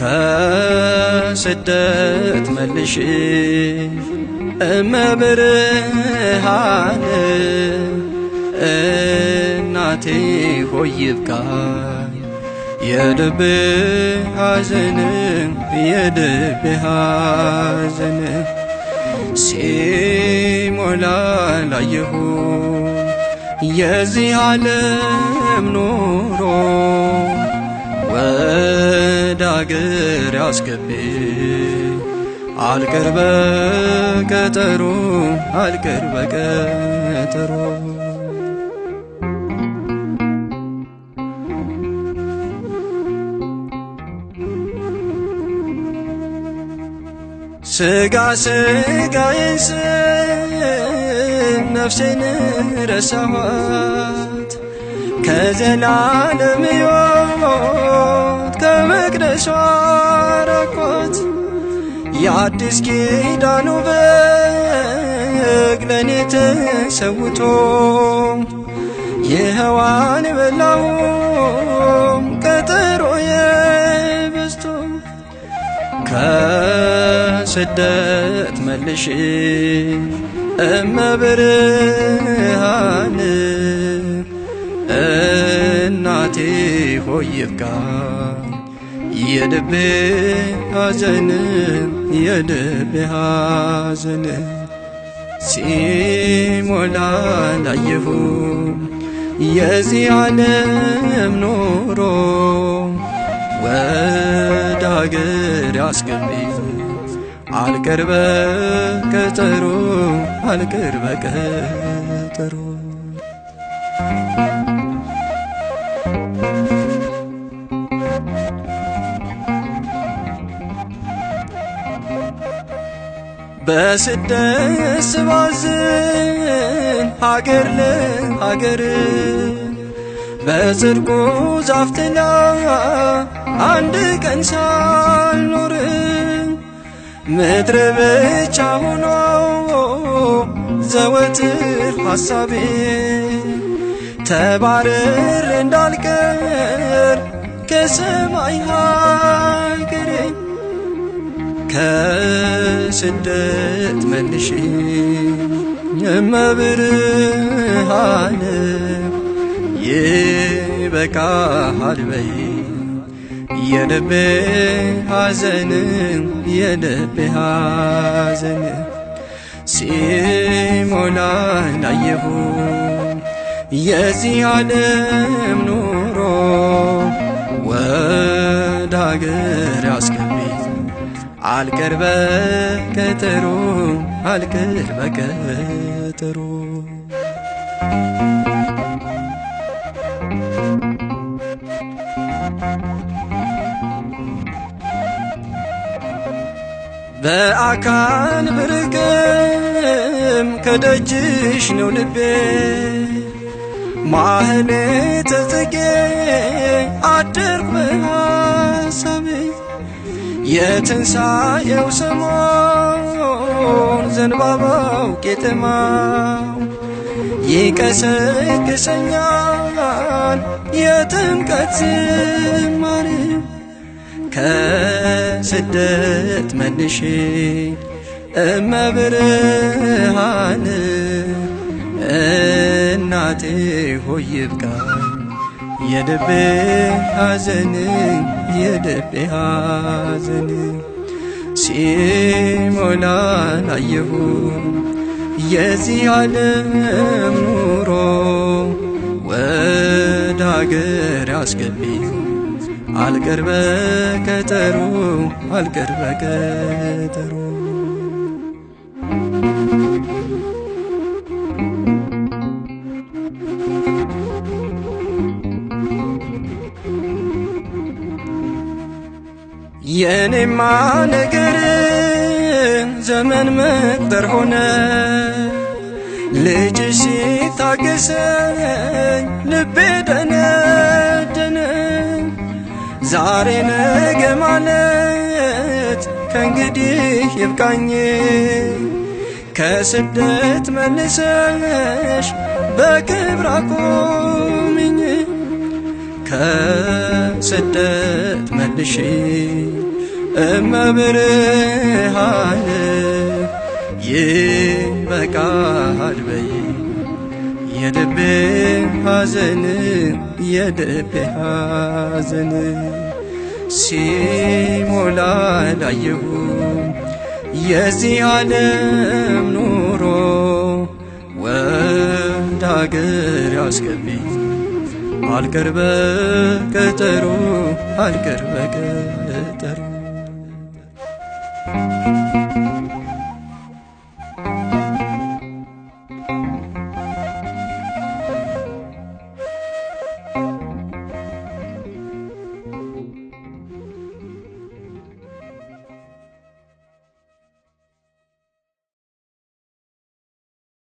ከስደት መልሽ እመብርሃን እናቴ ሆይ ይብቃኝ የልቤ ሐዘን የልቤ ሐዘን ሲሞላ ላየሁ የዚህ ዓለም ኑሮ አገር አስገቤኝ። አልቀር በቀጠሮ አልቀር በቀጠሮ ስጋ ስጋዬን ስል ነፍሴን ረሳኋት ከዘላለም ሕይወት ፈቅደሽ አረኮት የአዲስ ኪዳኑ በግ ለእኔ ተሰውቶ የህዋን ቀጠሮ የበዝቶ ከስደት መልሽ እመብርሃን እናቴ ሆይ ይብቃ የልቤ ሐዘን የልቤ ሐዘን ሲሞላ ላየሁ የዚህ ዓለም ኖሮ ወደ አገር ያስገቢ አልቀርበ ቀጠሮ አልቀርበ ቀጠሮ በስደት ስባዝን ሀገር ለሀገር በጽድቁ ዛፍ ጥላ አንድ ቀን ሳልኖር ምድር ብቻ ሆኖ ዘወትር ሐሳቤ ተባረር እንዳልቀር ከሰማይ ሀገሬ ከስደት መልሽ የመብርሃን ይበቃሃል በይ የልቤ ሐዘን የልቤ ሐዘን ሲሞላ እንዳየሁ የዚህ ዓለም ኑሮ ወደ አገር አልቀርበ ቀጠሮ አልቀርበ ቀጠሮ በአካል ብርቅም ከደጅሽ ነው ልቤ ማህሌ ተጽጌ አደርኩ በሐሳቤ የትንሣኤው ሰሞን ዘንባባው ቄጠማው ይቀሰቅሰኛል የጥምቀት ዝማሬ ከስደት መንሽ እመብርሃን እናቴ ሆይ ይብቃ የልቤ ሐዘን የልቤ ሐዘን ሲሞላ ላየሁ የዚህ ዓለም ኑሮ ወደ አገር ያስገቢ አልቀርበ ቀጠሮ አልቀርበ ቀጠሮ የእኔማ ነገር ዘመን መቅጠር ሆነ። ልጅ ታገሰኝ ልቤ ደነደነ። ዛሬ ነገ ማለት ከእንግዲህ ይብቃኝ። ከስደት መልሰሽ በክብር አቁምኝ ከስደት መልሼ እመብርሃን ይበቃሃል በይ የልቤ ሐዘን የልቤ ሐዘን ሲሞላ ላየሁ የዚህ ዓለም ኑሮ ወደ አገር ያስገቢኝ አልቀርበ ቀጠሮ አልቀርበ ቀጠሮ Thank you.